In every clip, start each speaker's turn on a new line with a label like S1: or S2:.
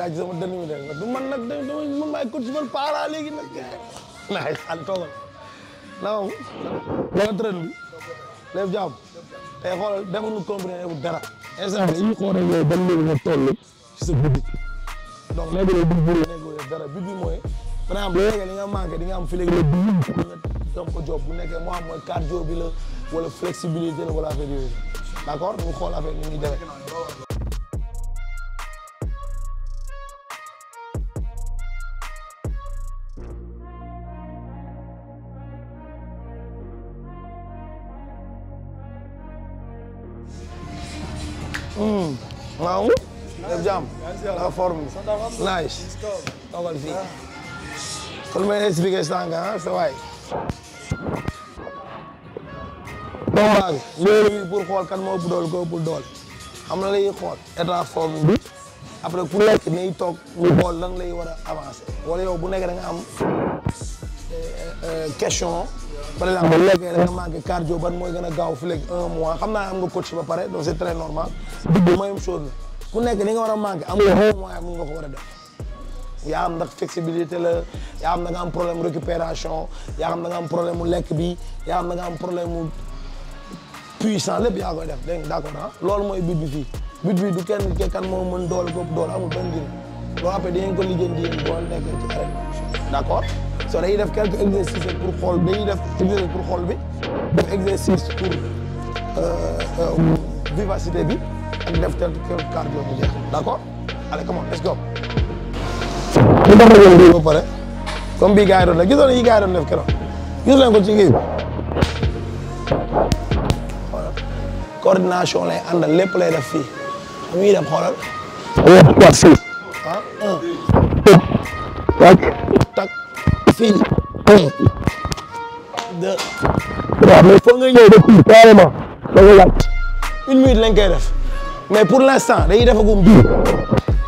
S1: daaj sama dënn mi de du man nag dama man maay coach man para léegi nag naay xaal toogal na moom danga tërën bi lépp jàmm tey xoolal defuñu combiné bu dara instant bi ñu xoolee yow ban léegi nga toll ci sa buddi donc léegi la bur bi bi mooy par exemple loo yeggee li nga manqué di am fi léegi la bu nga jom ko job bu nekkee moo am mooy cardio bi la wala flexibilité la wala affaire yooyu d'accord ñu xool affaire yi ñuy demee maa ngi. def jàmm la forme nice. toogal fii kon may expliqué sànq ah sa waay. combat bi loolu bi pour xool kan moo ëpp doole ko xam na lay xool état forme bi après ku ni toog ñu xool lan lay war a avancer wala yow bu nekk da nga eh, eh, eh, par exemple bu lekkee da nga manqué cardio ban mooy gën a gaaw fi léegi un mois am nga coach ba pare donc c'est très normal dugg même chose la ku nekk li nga war a manqué am nga un
S2: mois mun nga ko war a def
S1: yaa xam la yaa xam da nga am problème récupération yaa xam da nga am problème mu lekk bi yaa xam da nga am problème mu puissant lépp yaa koy def dégg nga d'accord ah? loolu mooy but bi fii but bi du kenn ke kan moo mën dool ko doole amul benn njëriñ loolu après dinañ ko liggéeyal di yéen boole nekkee ci arène d' accord soo dañuy def quelques exercices pour xool dañuy def exercice pour xool bi def exercice pour euh, euh, vivacité bi ak def quelques cardio bu jeex d' accord allez come on let's go. ñu def la ñu ba pare comme bii gars yi doon def gisoo yi gars yi doon def keroog gis nañ ko ci kii coordination lay àndal lépp lay def fii muy dem xoolal. waaw waaw fii. ah un. wàcc. waaw mais foo nga ñëw ba kii carrément da nga wàcc une minute lañ koy def mais pour l' instant dañuy defagum bii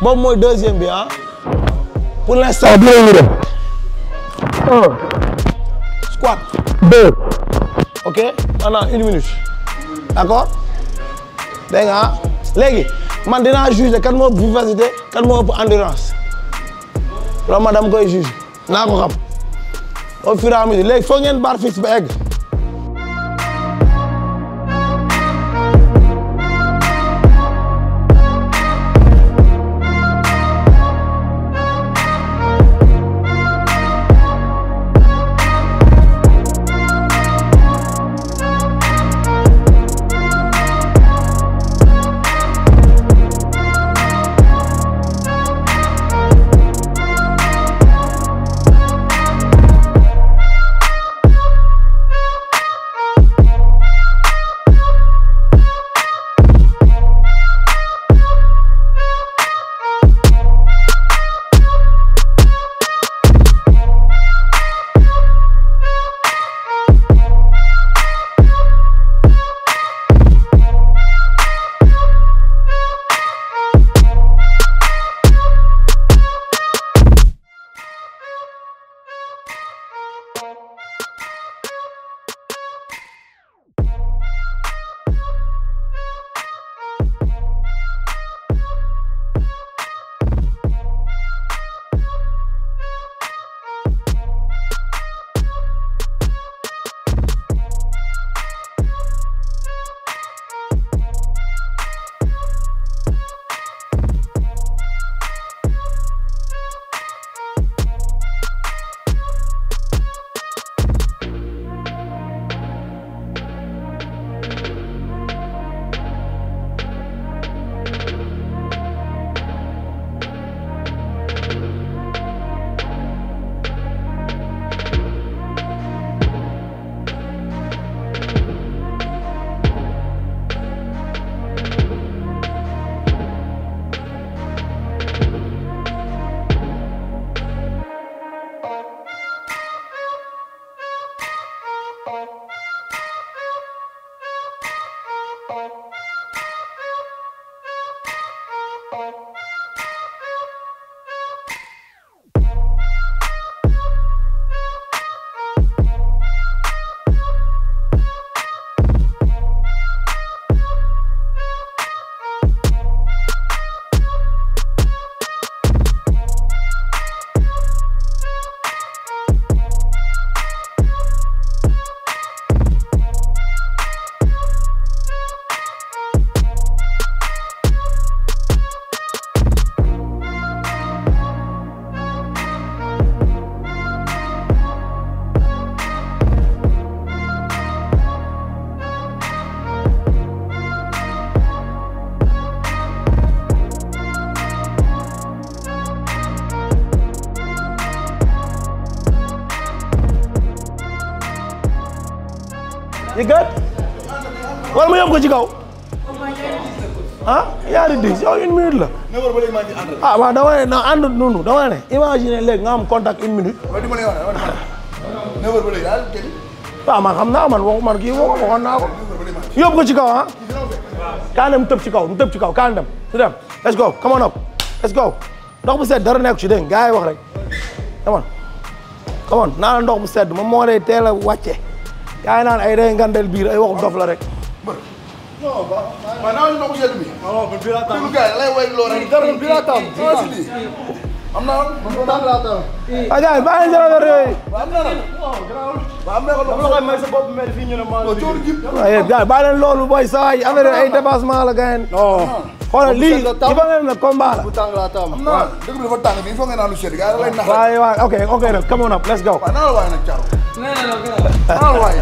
S1: boobu mooy deuxième bi ah pour l' instant ah, bii la ñuy def un squat deux ok pendant une minute d' accord dégg nga ah léegi man dinaa juger kan moo vivacité kan ma dama au fur et à mesure ngeen barre fixe ah waaw dama ne na ànd noonu dama ne imagine léegi nga am contact une minute. loolu ma lay
S3: wax
S1: waaw man xam naa man waxu man kii waxoon naa ko. yóbbu ko ci kaw ah. kaan dem tëb ci kaw mu tëb ci kaw kaan dem su dem let's go come on up let's go ndox bu sedd dara nekk ci dégg gars yi wax rek come on come on naa ndox bu sedd moom moo lay teel a wàcce gars yi naan ay rey ngandel biir ay waxu dof la rek.
S3: non ba waaye naa ma ko seetlu bi. waaw man bii laa tàmm bii lay way loo rek. dara bii laa tàmm bii laa tàmm am naa man man laa tàmm.
S1: waa gars yi bàyyi la njëriñ la yooyu.
S3: waaw am na nag waaw am na ko
S4: loolu xam ne sa bopp mel fii ñu ne maa. coono ji waaye gars
S1: yi bàyyi leen loolu booy saa yi affaire ay dépassement la gars yi. non xoolal lii li ba ngeen ne combat la. bu
S3: tàng laa tàmm am naa dëgg bi dafa tàng fii foog ngeen
S1: naan lu sedd gars yi lay nax. waaye waaye ok ok nag come on up let's go. waaw naa la
S3: waay nag Thiaw. naa la waay.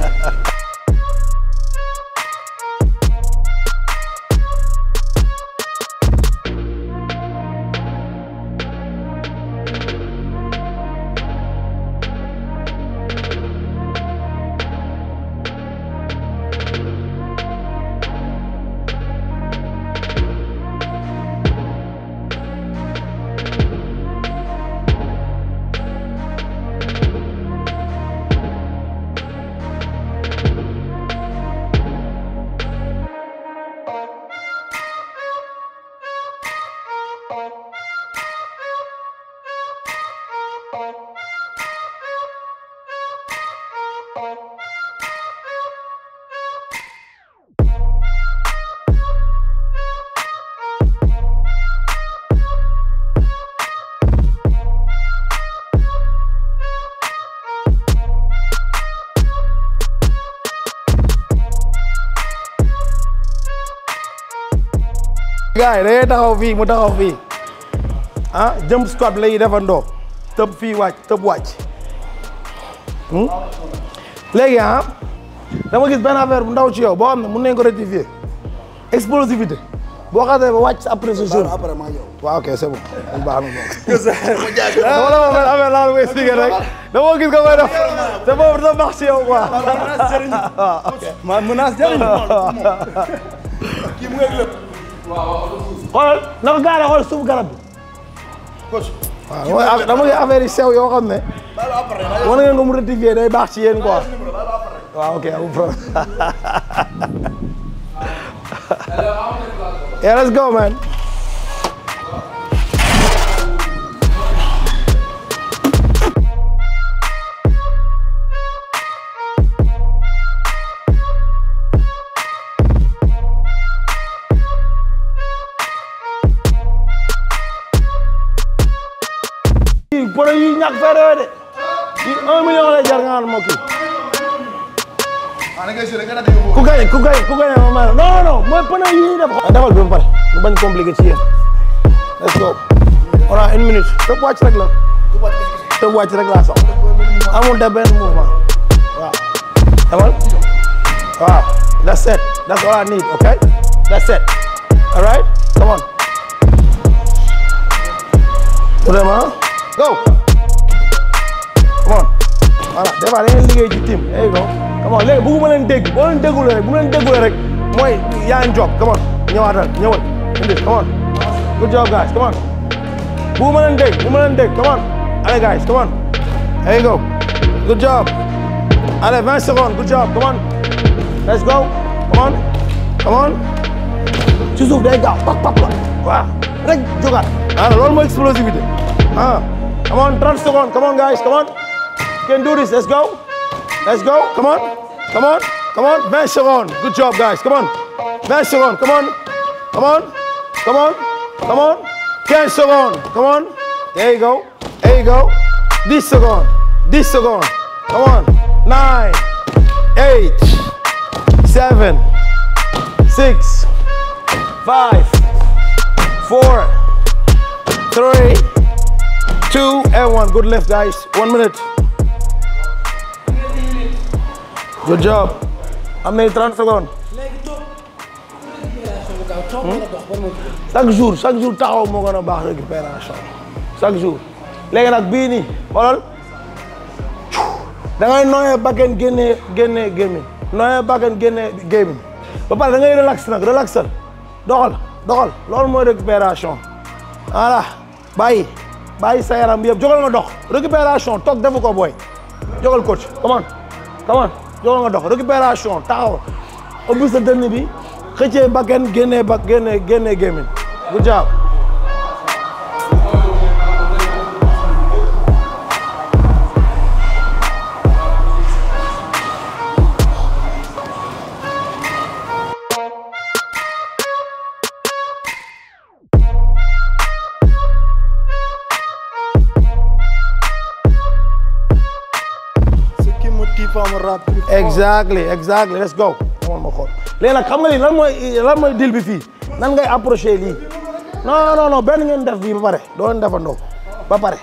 S1: gars yi taxaw fii mu taxaw fii ah jëm squat lay defandoo tëb fii wàcc tëb wàcc hmm? léegi ah dama gis benn affaire bu ndaw ci yow boo xam ne mën nañ ko rectifier explosivité boo xasee ba wàcc après ce jour waaw ok c'est bon baax na wala ma benn affaire laa koy expliquer rek dama gis ko koy def te boobu dafa baax ci yow quoi
S4: waaw
S1: ok ma menace jëriñ kii mu ngi lépp xoolal na ko gaaree xoolal suuf garab bi. Ah, waaw dama ngi affaire yi sew yoo xam ne. war ngeen ko mu rectifier day baax ci yéen quoi. waaw ok amul problème. yeah let's go man. daanu moo kii. ku gañe ku gañe ku gañe ma non non non mooy panneau yi ñuy def. Ah, dafal bi mu pare mu bañ compliqué ci yéen. let's go on a une minute. tëb wàcc rek la. tëb wàcc rek laa sax. amul de benn mouvement. waaw dafal waaw that's it that's all I need okay that's it all right come on. vraiment go. voilà des fois da ngeen liggéey ci team there you go come on léegi bëgguma leen dégg boo leen déggule rek bu leen déggule rek mooy yaa ngi job come on ñëwaatal ñëwal indi come on good job guys come on bëgguma leen dégg bëgguma leen dégg come on allez guys come on there you go good job allez 20 secondes good job come on let's go come on come on ci suuf day gaaw pap pap la waaw rek jógaat ah loolu mooy explosivité ah come on 30 secondes come on guys come on can do this. Let's go. Let's go. Come on. Come on. Come on. 20 secondes. Good job, guys. Come on. 20 secondes. Come on. Come on. Come on. Come on. 10 secondes. Come on. There you go. There you go. This second. This second. Come on. Nine, eight, seven, six, five, four, three, two, and one. Good lift, guys. One minute. good job. am nañu 30 secondes. jour chaque jour taxaw moo gën a baax récupération chaque jour léegi nag bii nii xoolal da ngay nooyee bakken génnee génnee gémmiñ nooyee bakken génnee gémmiñ ba relax nag relaxal doxal doxal loolu mooy récupération voilà bàyyi bàyyi sa yaram bi yëpp jógal nga dox récupération toog defu ko booy coach come on joxoon nga dox récupération taxaw ubbi sa dënn bi xëccee ba génnee bak génnee génnee gémmiñ bu exactly exactly let's go moom ma nag xam nga lii lan mooy lan mooy deal bi fii nan ngay approché lii non non non benn ngeen def bii ba pare doo leen defandoo ba pare.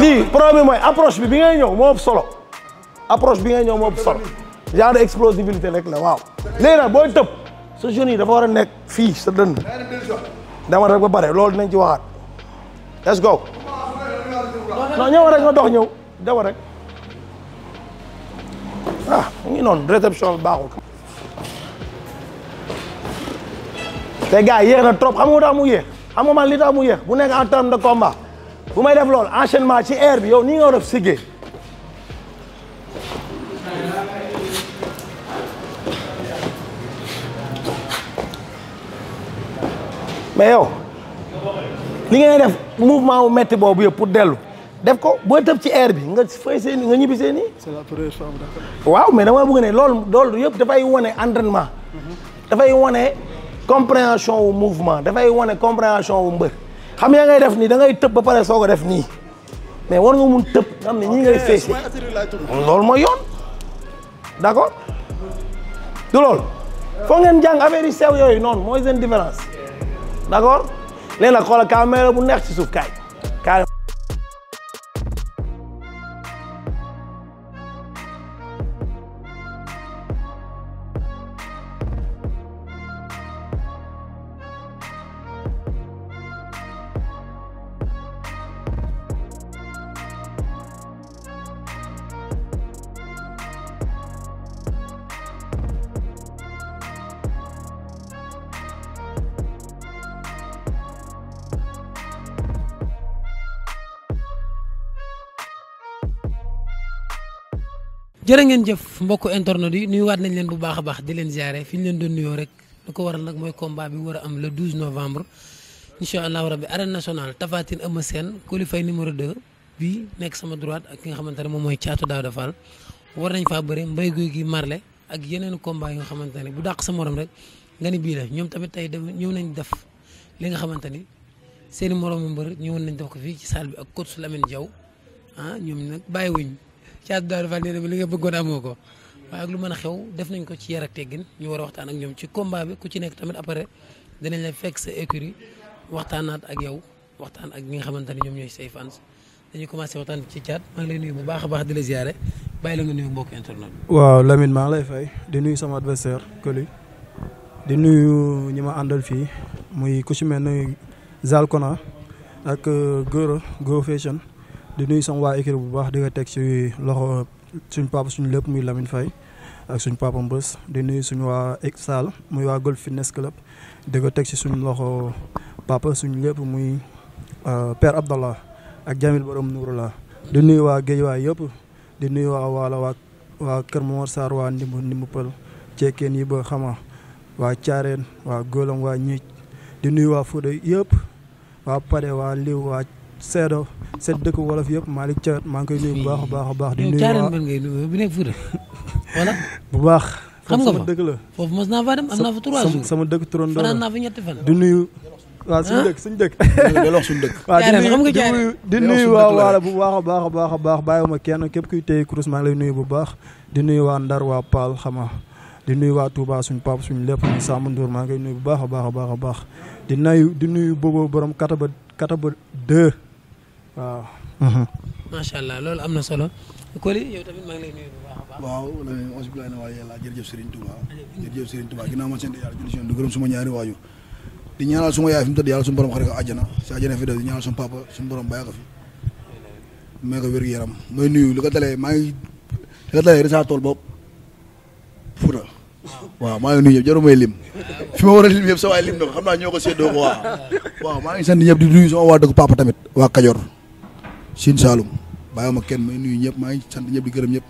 S1: lii problème mooy approche bi bi ngay ñëw moo solo approche bi ngay ñëw moo ëpp solo genre de explosivité rek la waaw. léegi booy tëb sa jeune yi dafa war a nekk fii sa dënd dama rek ba pare loolu dinañ ci waxaat let's go non ñëw rek nga dox ñëw dama ah mu ngi noonu réception bi baaxul. te gars yéex na trop xam nga tax mu yéex xam nga man li tax mu yéex bu nekk en terme de combat bu may def loolu enchaînement ci air bi yow nii nga def siggee. mais yow li ngay def mouvement wu metti boobu yëpp pour dellu. def ko boo tëb ci air bi nga fay seen nga ñibbi seen i. la première fois waaw mais dama bëgg ne loolu loolu yëpp dafay wane entraînement. dafay wane compréhension wu mouvement dafay wane compréhension wu mbër. xam yaa ngay def nii da ngay tëb ba pare soo ko def nii mais war nga mun tëb nga xam ne ñii ngay feese loolu mooy yoon d'accord du loolu foo ngeen jàng affaire yu sew yooyu noonu mooy seen différence d'accord léegi nag xoolal caméra bu neex ci suuf kaay
S2: jërë ngeen jëf mbokk mbokku internet yi waat nañ leen bu baax baax di leen ziare fi ñu leen doon nuyoo rek lu ko waral nag mooy combat bi war a am le 12 novembre incha allahu rabbi arène nationale Tapha Tine Eumeu Sène Coly Faye numéro 2 bi nekk sama droite ak ki nga xamante ne moom mooy Thiatou Daouda Fall war nañ faa bëre mbéy guy gi marle ak yeneen combat yi nga xamante ne bu dàq sa morom rek nga ni bii la ñoom tamit tey dem ñëw nañ def li nga xamante ni seen i moromu mbër ñëwoon nañ def ko fii ci salle bi ak coach Lamine Diaw ah ñoom nag bàyyiwuñ Thiatou Daouda Fall nee na li nga bëggoon amoo ko waaye ak lu mën a xew def nañ ko ci yar ak teggin ñu war a waxtaan ak ñoom ci combat bi ku ci nekk tamit après danañ la fekk sa écurie waxtaanaat ak yow waxtaan ak ñi nga xamante ne ñoom ñooy say fans dañu commencé waxtaan ci Thiat maa ngi lay nuyu bu baax a baax di la ziare bàyyi la nga nuyu mbokk internet waaw Lamine maa ngi lay fay
S4: di nuyu sama adversaire Coly di nuyu ñi ma àndal fii muy ku ci mel ne Zalkona ak euh, di nuyu sama waa équipe bu baax di nga teg ci loxo suñ papa suñu lépp muy Lamine fay ak suñ papa Mbës di nuyu suñu waa ek saal muy waa Golf Fitness Club di ko teg si suñ loxo papa suñ lépp muy euh, Père Abdallah ak Jamil Borom la di nuyu waa waa yëpp di nuyu waa waala waa waa Kër Momar saar waa ndimbu ndimbu pël ceekeen yi ba xama waa caareen waa góolam waa ñiic di nuyu waa Fuuta yëpp waa Pade waa Liw waa Seedo set dëkk wolof yëpp Malick Thiawet maa ngi koy nuyu bu baax a baax a baax. di nuyu waaw
S2: bu baax. xam nga ma la foofu mos naa faa dem am naa fa trois sama dëkk turandoo la fanaan naa fa ñetti di nuyu. waaw suñu ah? dëkk suñu dëkk. delloo suñu xam
S4: nga jaay di nuyu waa bu baax a baax a baax a baax bàyyiwuma kenn képp kuy téye kurus maa ngi lay nuyu bu baax. di nuyu waa Ndar waa Paal xama di nuyu waa Touba suñ pap suñ lépp ñu Samba Ndour maa ngi nuyu bu baax a baax a baax a baax di nuyu di nuyu boobu borom kataba kataba deux waaw. Mhm.
S2: macha allah loolu am na solo. Coly yow tamit maa ngi lay
S3: nuyu bu baax a baax. waaw auzu billaahi mina yàlla jërëjëf Serigne Touba jërëjëf Serigne Touba ginnaaw ma sant yàlla jëli seen du gërëm suma ñaari waajur di ñaanal suma yaay fi mu tëdd yàlla suma borom xare ko àjjana si àjjana fi def di ñaanal suma papa suma borom bàyyi ko fi may ko wér-gu-yaram may nuyu li ko dalee maa ngi li ko dalee Richard Toll boobu Fouta waaw maa ngi nuyu ñëpp jaru may lim fi ma war a lim yëpp sa waay lim na ko xam naa ñoo ko séddoo ko waaw waaw maa ngi sant ñëpp di nuyu sama waa dëkk papa tamit waa Kajoor Sine Saalum bàyyi ma kenn may nuyu ñëpp maa ngi sant ñëpp di gërëm ñëpp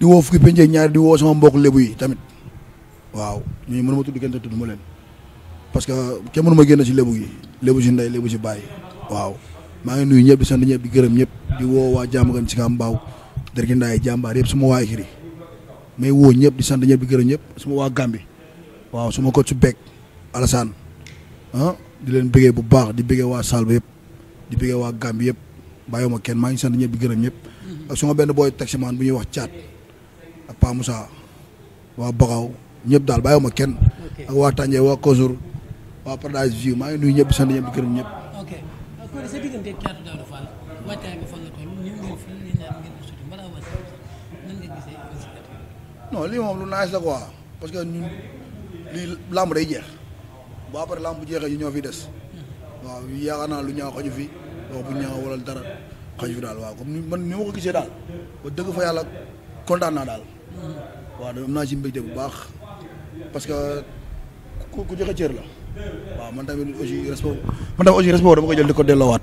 S3: di woo fukki penc ak di woo sama mbokk lébu yi tamit waaw ñooñu mënuma tudd kenn te tudd ma leen parce que kenn mënuma génn si lébu yi lébu si nda lébu si baay waaw maa ngi nuyu ñëpp di sant ñëpp di gërëm ñëpp di woo waa jàmmagan si kam mbaaw dërgi ndaay jàmbaar yëpp su ma waa ikiri mais woo ñëpp di sant ñëpp di gërëm ñëpp su ma waa Gambi waaw su ma ko su beeg Alassane ah di leen bëggee bu baax di bëggee waa Salba yëpp di bëggee waa Gambi yëpp bàyyiwuma kenn maa ngi sant ñëpp di gërëm ñëpp. ak mm-hmm. suma benn booy taximaan bu ñuy wax caat ak Pa Moussa waa Bakaw ñëpp daal bàyyiwuma kenn. ak waa Tànje waa Kosour waa Paradise View maa di parce que ñun lii jeex bu après làmb bu jeexee ñoo fi des mm-hmm. waaw yaakaar naa lu ñaaw xaju fi wax bu ñaaw wala dara xaju daal waaw comme man ni ma ko gisee daal ba dëgg fa yàlla kontaan naa daal waaw da am naa ci mbégte bu baax parce que
S2: ku ku joxe cër la
S3: waaw man tamit aussi respect man tamit aussi respect dama jël di ko delloowaat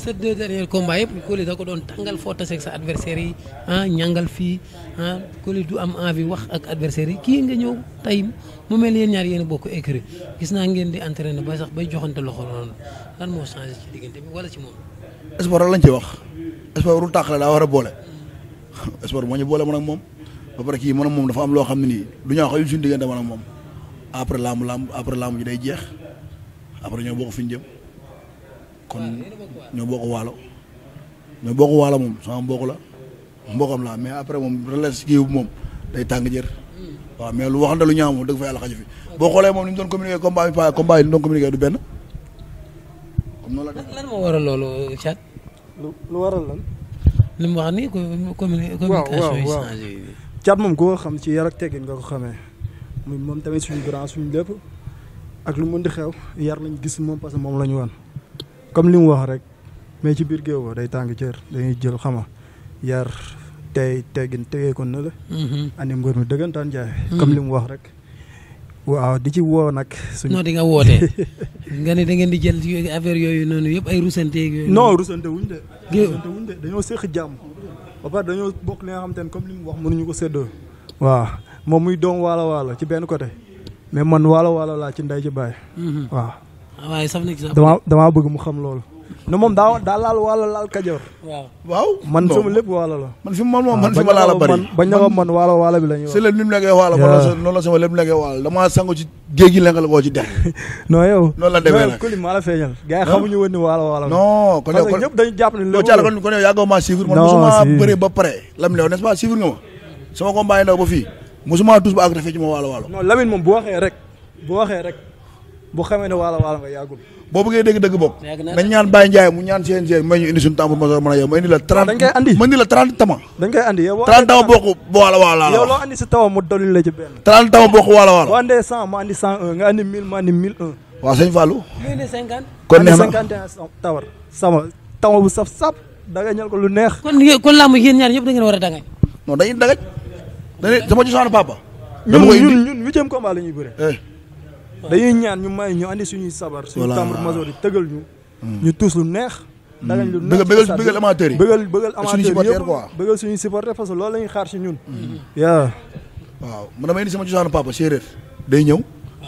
S2: sa deux derniers combats yëpp Coly da ko doon tàngal foo taseeg sa adversaire yi ah ñàngal fii ah du am envie wax ak adversaire yi kii nga ñëw tey mu mel yéen ñaar yéen a bokk écurie gis naa ngeen di entraîné ba sax bay joxante loxo noonu lan moo changé ci diggante bi wala ci moom. espoir lañ ci wax
S3: espoir warul tàqale daa war a boole espoir moo ñu boole man moom ba pare kii man moom dafa am loo xam ne nii du ñu wax ak suñu diggante man ak moom après làmb làmb après làmb ji day jeex après ñoo bokk fi ñu jëm. kon ñoo bokk waalo ñoo bokk waalo moom sama mbokk la mbokkam la mais après moom relance kii moom day tàng jër waaw mais lu waxante lu ñaaw moom dëgg fa yàlla xaju fi boo xoolee moom ni mu doon communiqué combat bi paa combat yi li doon
S2: la lan moo waral loolu Thiat wax ni communication yi changé yi
S4: Thiat moom ku ko xam ci yar ak teggin nga ko xamee muy moom tamit suñu grand suñu lépp ak lu mën di xew yar lañ gis moom parce que moom la ñu wan comme li mu wax rek mais ci biir géew ba day tàng cër dañuy jël xama yar tey teggin tegee kon na la. andi mbër mi dëggantaan jaay. Mm-hmm. comme li mu wax rek. waaw di ci woo nag. suñu di nga wootee.
S2: nga ne da ngeen di jël affaire yooyu noonu yëpp ay rusante yooyu. noonu rusante wuñ de.
S4: rusante wuñ dañoo séq jàmm. ba pare dañoo bokk li nga xamante ne comme li mu wax mënuñu ko séddoo. waaw moom muy doom waalo waalo ci benn côté. mais man waalo waalo laa ci nday ci baay. Mm-hmm. waaw. waaye saf na ci sax. damaa damaa bëgg mu xam loolu.
S3: ne moom daa daa laal waalo laal kajoor. waaw waaw. man sama lépp waalo la. man fi ma moom man sama bari. bañ la la ni mu nekkee waalo. waaw la sama lépp nekkee waalo damaa sangu ci géej gi la nga la boo ci dex. non yow. noonu la demee nag kuli maa la feeñal. gars yi xamuñu woon ni waalo waalo la. non kon yow dañu jàpp ne. lépp la kon kon yow yaa ngi ko maa suivre. non si man mosuma ba pare. lam ne n'est-ce pas nga ma. sama combat yi ndaw ba fii mosuma tous ba àgg ci ma waalo waalo. non Lamine moom waxee rek bu waxee rek bu xamee ne waala waala nga yàggul boo bëggee dégg dëgg bopp nañ ñaan Baye Ndiaye mu ñaan CNG may ñu indi suñu temps pour moso mën a yow ma indi la trente dañ koy andi ma indi la trente tama dañ koy andi yow trente tama bokk waala waala yow loo andi si tawa mu dolli la ci benn
S2: trente tama bokk waala waala
S4: boo andee cent ma andi cent un nga andi mille ma andi mille un waaw sëñ Fallou
S2: mu indi cinquante kon neex na cinquante
S4: tawar sama tama bu saf sap dangay ñal ko lu neex kon kon laa mu yéen ñaar ñëpp da ngeen war a dangay non dañuy dangaj dañuy sama ci soxna papa ñun ñun huitième combat la ñuy bëre eh. dañuy ñaan ñu may ñu andi suñuy sabar suñu tambour major yi tëgal ñu ñu tuus lu neex mm. danañ lu neex bëggal bëggal amateur yi bëggal bëggal amateur yëpp quoi bëggal suñuy supporter parce
S3: que mm-hmm. waaw man damay indi sama cosaanu day ñëw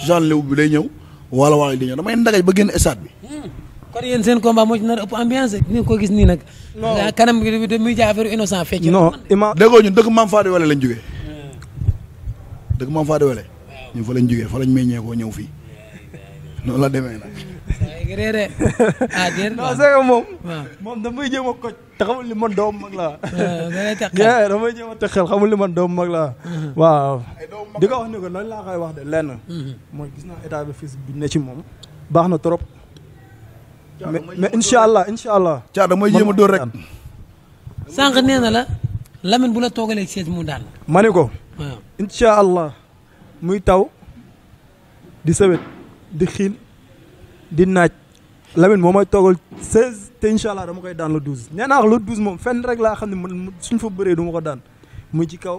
S3: cosaanu bi day ñëw wala wala day ñëw damay ndagaj ba génn bi hmm.
S2: kon yéen seen combat moo ci nar ëpp ambiance ni ko gis nii nag kanam gi
S3: dëkk Mame Fadé Wele lañ jógee hmm. dëkk Mame Fadé Wele ñun fa lañ jógee fa lañ meññeekoo ñëw fii noonu la demee nag.
S2: ah jërëjëf
S4: moom. moom damay jéem a ko te xamul li ma doomu mag laa. damay jéem a teg xel li man doomu mag laa. Mm-hmm. di ko wax ni ko loolu laa wax de lenn. Mm-hmm. mooy gis naa état bi fils ci moom. baax na trop. mais mais incha allah incha allah. caa damay jéem a dóor rek.
S2: sànq nee na la Lamine bu la toogalee seet mu daal.
S4: ma ne ko. waaw allah. muy taw di sawet di xiin di naaj Lamine moom may toogal seize te incha allah dama koy daan le douze nee naa le douze moom fenn rek laa xam ne man suñ fa bëree duma ko daan muy ci kaw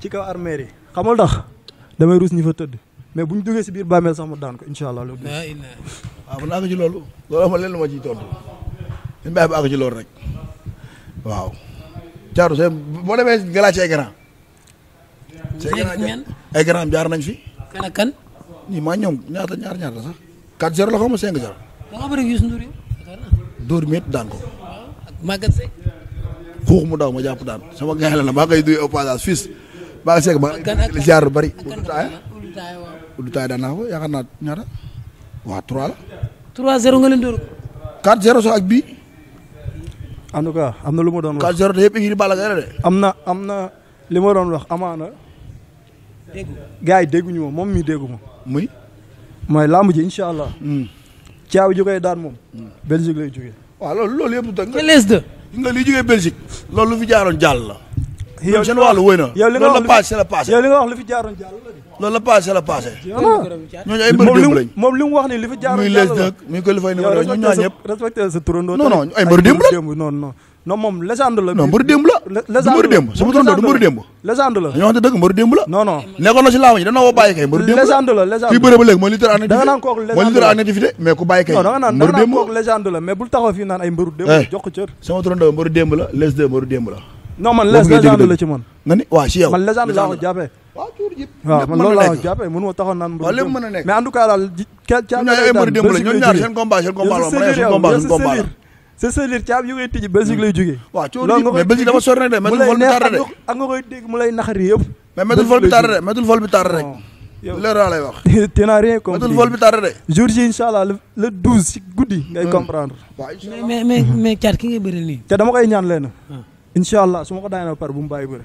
S4: ci kaw armeer yi xamal tax damay ruus ñi fa tëdd mais bu ñu
S3: duggee si biir bàmmeel sax mu daan ko incha allah. waaw ah, man àgg ci loolu loolu amul lenn lu ma ciy tontu dañ bàyyi ba àgg ci loolu rek waaw. Thiatou Seye boo demee Galathie ay grand ay grand jaar nañ fi. kan ak kan. ñii maa ñoom ñaata ñaar ñaata sax. 4-0 la xaw ma 5-0. da
S2: nga bëri Youssou Ndour
S3: dóor mi daan ko. Maguette Seck. xuux mu daw ma jàpp daan sama gaay na maa ngay koy duy au passage fii Maguette Seck maa ngi lay ziar lu bëri. Oudou Taye daan naa ko yaakaar naa ñaata. bii. en tout cas am na lu ma doon wax. 4-0 te yëpp équipe de. am na am
S4: na li ma doon wax amaana. gaa yi dégguñu ma moom mi déggu ma. muy. mooy làmb ji incha allah. Hmm. caaw ji koy daan moom. Hmm. Belgique lay
S3: jógee. lo loolu loolu yëpp da nga. les deux. nga li jógee Belgique. loolu lu fi jaaroon jàll la. yow la passé la passé. yow li nga wax lu fi jaaroon ah. moom li mu ni li fi jaaroon ñëpp. respecté sa turandoo. non non non moom légende la. non mbaru démb la. légende la du mbaru démb sama tonton du mbaru démb. légende la ñoo xam ne dëgg mbaru démb la. non non nekkoon na si laawañ dañoo woo bàyyi kay. mbaru démb la légende la légende la fii bëre ba léegi mooy lutteur en activité. da nga naan kooku légende la mooy lutteur en activité mais ku bàyyi kay. mbaru démb la non da nga naan kooku légende la mais bul taxaw fii naan ay mbaru démb. Eh, jox ko cër sama tonton mbaru démb la les deux mbaru démb la. non man les légende la ci man. nga ni waaw si yow. man légende laa ko
S4: jàppee. waaw tuur ji waaw man loolu laa jàppee mënu
S3: ma taxoon naan waaw lépp
S4: mën a nekk mais en tout cas daal ca ca ñoo ay mbaru démb la ñoom ñaar seen combat seen combat la mu ne seen combat seen combat la c'est Seliir Thiam yu ngay tijji Belgique lay jógee. Hmm. waaw coono mais dama sori rek de météo vol bi tardé de ak nga
S3: koy dégg mu lay naxari yëpp.
S4: Oh, le douze si guddi. ngay hmm. comprendre.
S3: waaw
S2: incha
S4: allah mais mais hmm. nii. te dama koy ñaan leen. incha allah su ma ko daanee ba pare bu mu bàyyi bëri.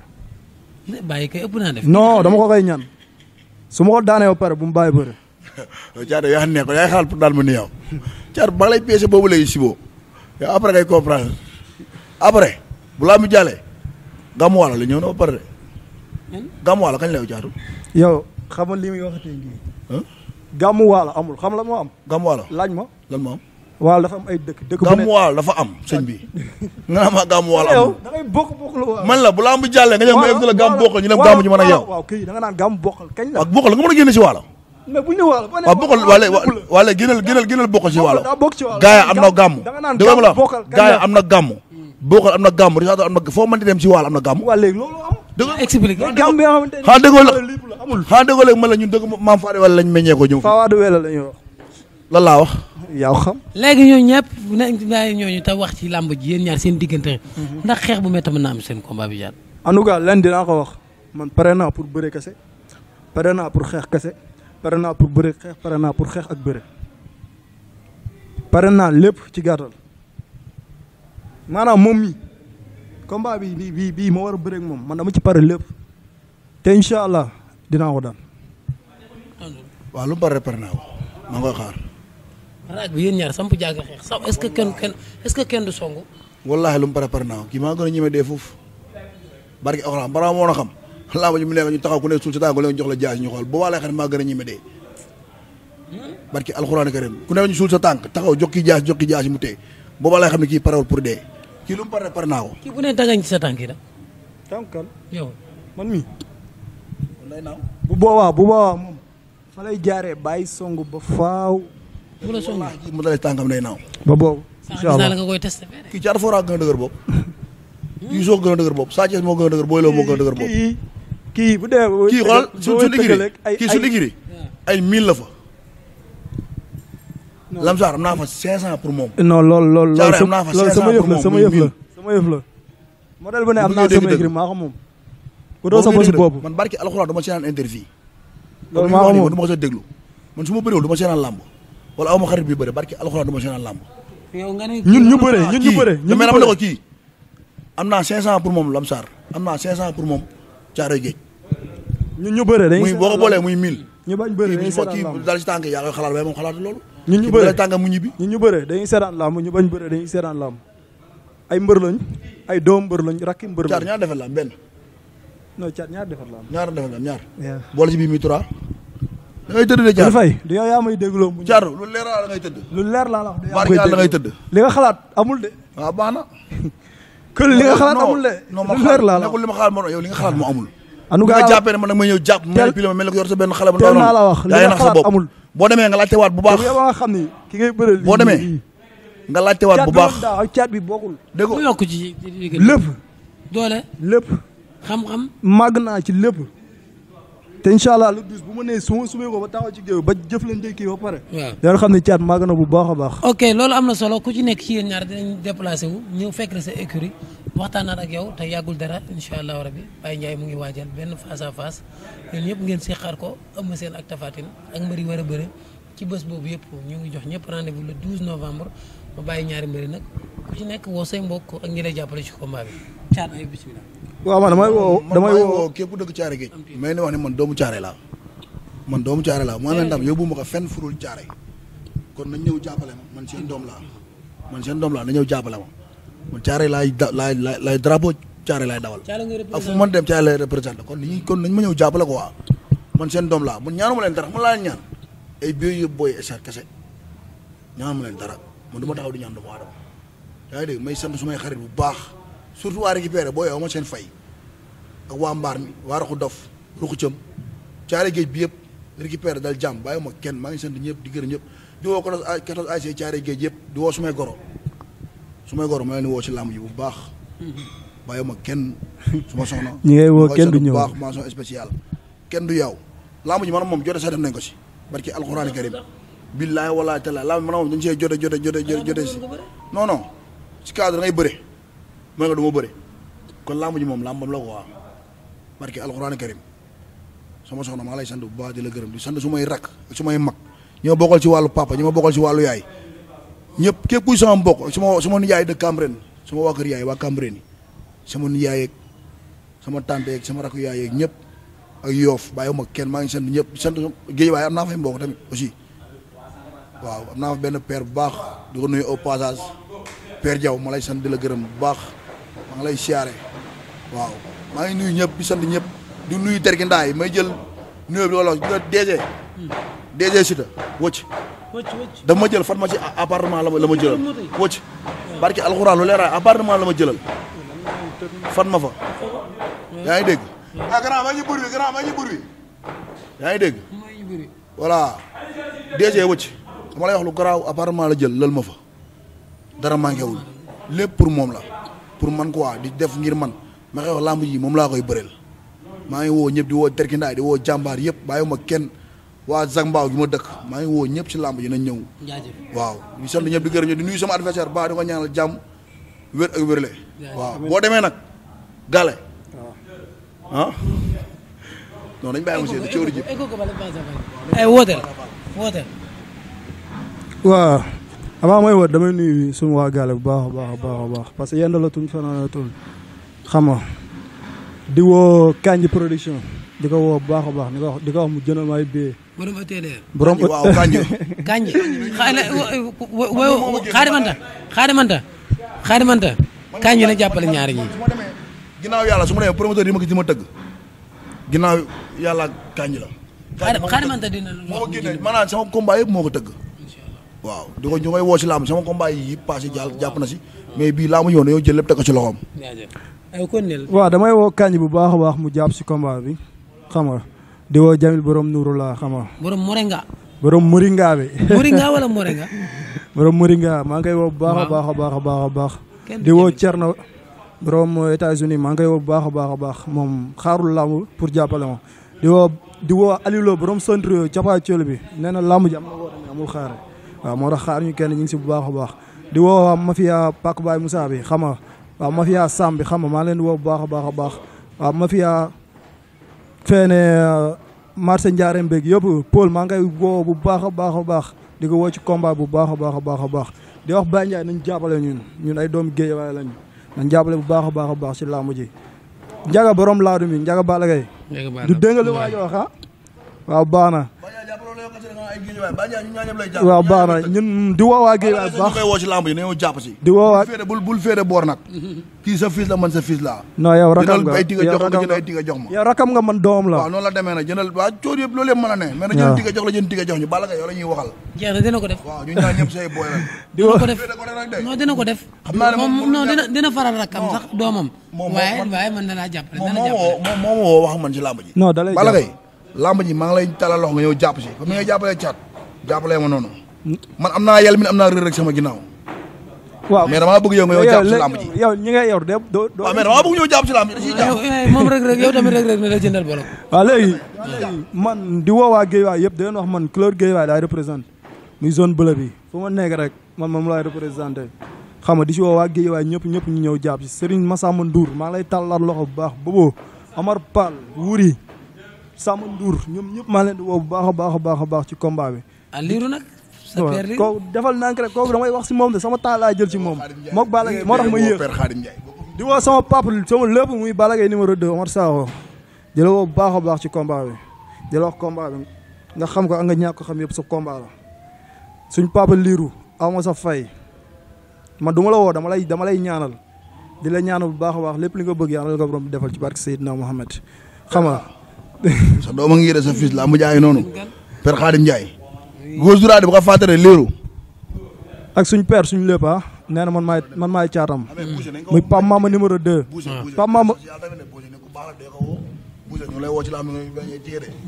S2: ne bàyyi kay ëpp naa def. non dama ko koy
S4: ñaan su ma ko daanee ba pare bu mu bàyyi
S3: bëri. Thiat yaa nekk yaa xaal pour daal ma ni yow Thiat ba lay peese boobu lay siboo yow après ngay comprendre après bu laa mu jàllee gàmmu waalo la ñëw na ba pare de. gàmmu waalo kañ la yow jaatu. yow xamal li muy waxatee nii.
S4: gàmmu waalo amul xam la moo am. gàmmu waalo laaj ma lan moo am. waaw dafa am ay dëkk dëkk bu ne
S3: gàmmu waalo am sëñ bi nga ma gàmmu
S4: waalo amul da ngay bu lamb jàllee nga ñëw ma egg la gàmmu bokkal ñu dem gàmmu a yow waaw kii da nga naan
S3: kañ la ak bokkal nga mën a génne si waalo
S4: mais bu ñu nee waalo bokkal waale
S3: waale gënal gënal gënal bokk ci waalo
S4: gaaya am na gàmm dëgg la gaaya am
S3: na bokkal am na gàmm risaata am na foo mën di dem ci waalo am na gàmm waaw léegi loolu am dëgg la expliqué gàmm bi nga xamante ne xanaa déggoo la amul xanaa déggoo ma la ñun dëgg maam faade wala lañ meññee ko ñëw fawaadu wax lan laa wax yaa xam
S2: léegi ñooñu ñëpp na ñooñu te wax ci làmb ji yéen ñaar seen diggante mhm. ndax xeex bu métti mën naa am seen a bi jaar en tout
S4: cas len dinaa ko wax man pare naa pour bëre kese pare naa pour xeex kese pare naa pour bëre xeex pare naa pour xeex ak bëre pare naa lépp ci gàttal maanaam moom mi combat bi bi bi bii ma war a moom man
S3: dama ci pare lépp te incha allah dina ko daan. waaw lu naa ko maa ngi koy xaar.
S2: raag bi yéen ce que kenn kenn est kenn du songu.
S3: wallaahi lu mu pare pare naa ko maa ngi gën a ñeme dee foofu barki alxuraan balaa moo na xam. làmb ji mu nekk ñu taxaw ku ne suul si tànk leen jox la jaasi ñu xool boobaa lay xam ne maa gën a ñeme dee barki alxuraan karim ku ne ñu suul sa tànk taxaw jox kii jaasi jox kii jaasi mu tee boobaa lay xam ne kii parewul pour dee kii lu mu pare pare naa ko.
S2: kii bu ne dagañ ci sa tànk yi da tànkal
S3: yow man mi lay naaw bu boobaa bu boobaa moom fa lay jaaree bàyyi song ba faaw. bu la song mu dalee tànkam lay naaw.
S4: ba boobu. incha allah la
S3: nga koy testé. kii ci Arfora gën a dëgër bopp. Youssou gën a dëgër bopp Sa Thiès moo gën a dëgër Boy Lo moo gën a dëgër bopp. kii bu dee kii xoolal suñu ligiri kii suñu ligiri ay mille la Lamsar am fa 500 pour moom.
S1: non loolu loolu loolu am naa fa 500
S3: pour sa bopp boobu man barki alxuraan dama seenaan interview.
S2: loolu maa ko moom du ma
S3: ko sa man su ma ma seenaan làmb wala aw ma xarit bi bëri barki alxuraan du ma seenaan làmb.
S2: yow nga ne ñun ñu bëree ñun ñu bëree. ñun ñu bëree
S3: kii am naa 500 pour moom Lamsar am naa 500 pour moom Caaroy Géej ñun ñu bëre dañuy boo ko muy mille ñu bañ bëre dañuy seetaan yaa koy xalaat waaye moom xalaatu loolu ñun ñu bëre tànk mu ñibbi ñu bëre dañuy seetaan lamb ñu bañ bëre
S4: dañuy seetaan lamb ay mbër lañ ay doom mbër lañ rakki mbër lañ ñaar defal lamb benn non caat ñaar defar la ñaar defar la am ñaar. boole ci bii muy trois. da ngay tëdd de caat fay du yow yaa may lu leer laa la ngay tëdd. lu leer tëdd. li nga xalaat
S3: amul de. waaw ah, baax na.
S4: que li nga xalaat amul de. lu laa la ma
S3: xalaat moo yow li nga xalaat moo amul. en tout cas nga ma na jàpp mel pile ma mel ko yor sa benn xale bu ndaw noonu la wax yaa ngi boo demee nga laajte waat bu baax nga ngay bëral boo demee nga laajte waat bu baax caat bi bokkul dégg nga yokk ci lépp doole lépp
S4: xam-xam màgg naa ci lépp te incha allah lu dus
S2: bu ma nee su ma sumee ba jëf leen kii ba pare
S4: xam ne caat màgg na bu baax a baax
S2: ok loolu am na solo ku ci nekk ci yéen ñaar dinañ déplacé wu ñëw fekk sa écurie waxtaanaat ak yow te yàggul dara incha allahu rabi Baye Ndiaye mu ngi waajal benn face a face ñun ñëpp ngeen si xaar ko Eumeu seen ak Tapha Tine ak mbër yi war a bëre ci bés boobu yëpp ñu ngi jox ñëpp rendez-vous le 12 novembre ma bàyyi ñaari mbëri nag ku ci nekk woo say mbokk ak ñi lay jàppale ci combat bi caar ay bismillah waaw man damay woo
S3: damay woo képp dëkk caare géej mais ne wax ne man doomu caare laa man doomu caare laa man ndam yóbbu ma ko fenn furul caare kon nañ ñëw jàppale ma man seen doom laa man seen doom laa na ñëw jàppale ma man caare laay da laay laay drapeau caare laay dawal. ak fu man dem caare laay représenté kon ni kon nañ ma ñëw jàppale ko waa man seen doom laa man ñaanuma leen dara man laa ñaan ay biir yëpp booy échar kese ñaanuma leen dara man du ma taxaw di ñaan doomu aadama yaa ngi dégg may sant sumay xarit bu baax surtout waa récupéré booy yow ma seen fay ak waa mbaar mi waa raxu dof ruxu cëm caare géej bi yëpp récupéré dal jàmm baay ma ken maa ngi sant ñëpp di gërëm ñëpp di woo quatorze géej yëpp di woo sumay goro su may góor ma leen woo ci làmb ji bu baax. bàyyi ma kenn su ma soxna. ñi ngay woo kenn du ñëw baax mention spéciale. kenn du yow làmb ji man moom jote sax nañ ko si. barki alxuraani karim. billaay walaay talaay làmb ji man moom dañ see jote jote jote jote si. non non si cadre da ngay bëre. mooy nga du ma bëre. kon làmb moom làmbam la ko waa barki alxuraani karim. maa lay sant bu baax di la gërëm di sand su may rakk su may mag ñi ma bokkal ci wàllu papa ñi ma bokkal ci wàllu yaay. ñëpp képp kuy sama mbokk sama sama nijaay dëkk Cambérène sama waa kër yaay waa Cambérène yi sama nijaay yeeg sama tante yeeg sama rakk yaay yeeg ñëpp ak yoof bàyyiwuma kenn maa ngi sant ñëpp sant géej waaye am naa fay mbokk waaw am benn père bu baax di ko nuyu au passage père Diaw sant di la gërëm bu baax maa ngi waaw maa ngi nuyu ñëpp di sant ñëpp di nuyu terki yi may jël nuyoo bi di ko wax di la DG DG dama ma jël fan ma ci appartement la ma la ma jëlal wëcc barki alxuraan lu leeraay appartement la ma jëlal fan ma fa yaa ngi dégg ah ma ñu bur bi grand ma ñu bur bi yaa ngi dégg voilà DG wëcc dama lay wax la jël lal ma fa dara manqué wul lépp pour moom la pour man quoi di def ngir man ma xew lamb yi moom laa koy bëreel maa ngi woo di woo terkindaay di woo jàmbaar yëpp bàyyiwuma kenn waa Zac Mbao gi ma dëkk maa ngi woo ñëpp ci làmb yi nañ ñëw waaw ñu sant ñëpp di gërëm di nuyu sama adversaire baa di ko ñaanal jàmm wér ak wérle waaw boo demee nag gale ah non dañ bàyyi monsieur da cóori jëp
S2: wooteel wooteel
S4: waaw avant mooy woot damay nuyu suñu waa gale bu baax a baax a baax parce que yendalatuñ fanaanatuñ xam di woo Kandji production di ko woo bu baax a baax di ko wax di ko wax mu jënal may bee.
S2: borom ETDR. borom waaw Kanji. Kanji xaarimanta xaarimanta xaarimanta Kanji na jàppale ñaari ñi. ginnaaw yàlla su ma demee promoteur yi ma gis
S3: di ma tëgg ginnaaw yàlla Kanji la. xaarimanta ma génne maanaam moo ko tëgg. waaw di ko ñu koy woo si laamu sama combat yi na si mais bii laamu yoon yow jël lépp teg ko si loxoom. waaw damay woo Kanji bu baax
S4: a baax mu jàpp si combat bi. xam nga di woo Jamil borom Nuuru laa xam nga. borom Moringa. borom Moringa bi.
S2: Moringa wala Moringa.
S4: borom Moringa maa ngi koy woo bu baax a baax a baax a baax a baax. di woo Thierno borom États-Unis maa ngi koy woo bu baax a baax a baax moom xaarul làmb pour jàppale ma. di woo di woo Aliou Lo borom centre cappaancool bi nee na làmb ji am na woote mais amul xaar waaw moo tax xaar ñu kenn ñu bu baax a baax. di woo mafia Pàcc Baye Moussa bi xam nga waaw mafia Sam maa leen di woo bu baax a baax a baax waaw feene uh, marché Ndiarème beeg yëpp Paul maa ngay goo bu baax a baax a baax di ko woo ci combat bu baax a baax a baax a baax di wax Baye Ndiaye nañ jàppale ñun ñun ay doom doomu géejawaay lañ nañ njaabale bu baax a baax a baax si laamu ji njaga borom laadu mi njaga Balla Gaye
S3: du dégg nga li waa ji ah?
S4: waaw baax waaw baax na ñun di woo waa Guédiawaye
S3: bu di woo bul bul boor nag mhm. kii sa fils la man sa fils la non yow rakam nga man doomam la waaw la demee a na jënd tiga jox la jënd tiga jox
S2: ñu na dina ko def waaw ñu dina ko def non dina ko def xam naa ne moom non dina dina faral rakam sax doomam waaye waaye man danaa jàppale moom
S3: moo woo wax man ci lamb làmb ji maa ngi lay talal loxo nga ñëw jàpp si comme ni nga jàppalee caat ma noonu. Hmm? man am naa yàlla mi am naa rër rek sama waaw mais damaa bëgg yow nga yow jàpp si ji
S4: yow ñi ngay yor de doo waaw mais damaa bëgg ñëw
S3: jàpp si làmb ji da
S4: ciy jàpp man di woo waa Guédiawaye yëpp dañu wax man couleur Guédiawaye laay représenté muy zone bleue bi fu ma nekk rek man moom laay représenté xam nga di si woo waa Guédiawaye ñëpp ñëpp ñu ñëw jàpp si Serigne Massamba Ndour maa lay tàllal loxo bu baax booboo amar pal Wuri Samba Ndour ñoom ñëpp maa leen di woo bu baax a baax a baax a baax ci combat bi. ah liiru defal nànk rek kooku damay wax si moom de sama temps laa jël ci moom.
S3: mook Balla Gaye moo tax ma yéex
S4: di woo sama papa sama lépp muy Balla Gaye numéro 2 Omar Sakho woo bu baax a baax ci combat bi jëla nga xam ko ak nga ñàkk xam yëpp sa combat suñ papa liiru aw ma sa fay ma duma la
S3: woo dama lay dama lay ñaanal di la ñaanal bu baax a baax lépp li nga bëgg yàlla nga borom defal ci barke Seydina Mohamed xam nga sa a ngi yére sa fils la mu jaay noonu père Khadim Ndiaye góor su raadu bu ko fàttali léeru ak suñ per suñ lépp ah nee na man
S4: maay man maay caatam. Ah, muy Pape Mama numéro 2. Ah. Pape Mama.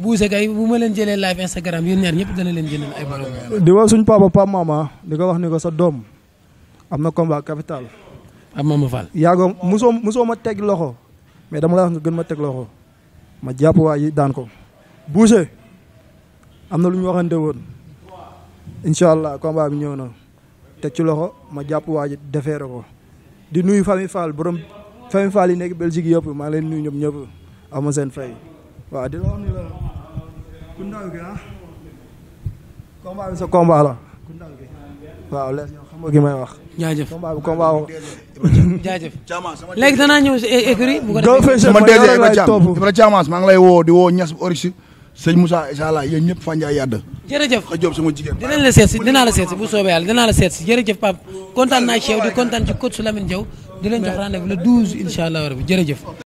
S2: buuse kay bu ma leen jëlee live Instagram yéen ñaar ñëpp leen jëlee ay borom. di
S4: wax ko wax ni ko sa doom am na combat capital. Pape Mama Fall. yaa ngi ko mosoo mosoo ma teg loxo mais dama la wax nga gën ma teg loxo. ma jàpp waa yi daan ko. Boucher am na lu ñu waxante woon incha allah combat bi ñëw na teg ci loxo ma jàpp waa ji defeere ko di nuyu famille Fall borom famille Fall yi nekk Belgique yëpp maa leen nuyu ñëpp ñëpp am seen fay waaw di la wax ni la ku ah. may wax. jaajëf combat bi
S3: combat
S2: jaajëf léegi danaa ñëw si écurie bu ko defee sama DG Iba Thiam
S3: Iba Thiam maa ngi lay woo di woo ñas bu orisi sëñ Moussa incha allah yéen ñëpp Fanja yàdd
S2: jërëjëf xa job sama jigéen dinañ la seet si dinaa la seet si bu soobee yàlla dinaa la seet si jërëjëf Pape kontaan naa ci yow di kontaan ci coach Lamine Diaw di leen jox rendez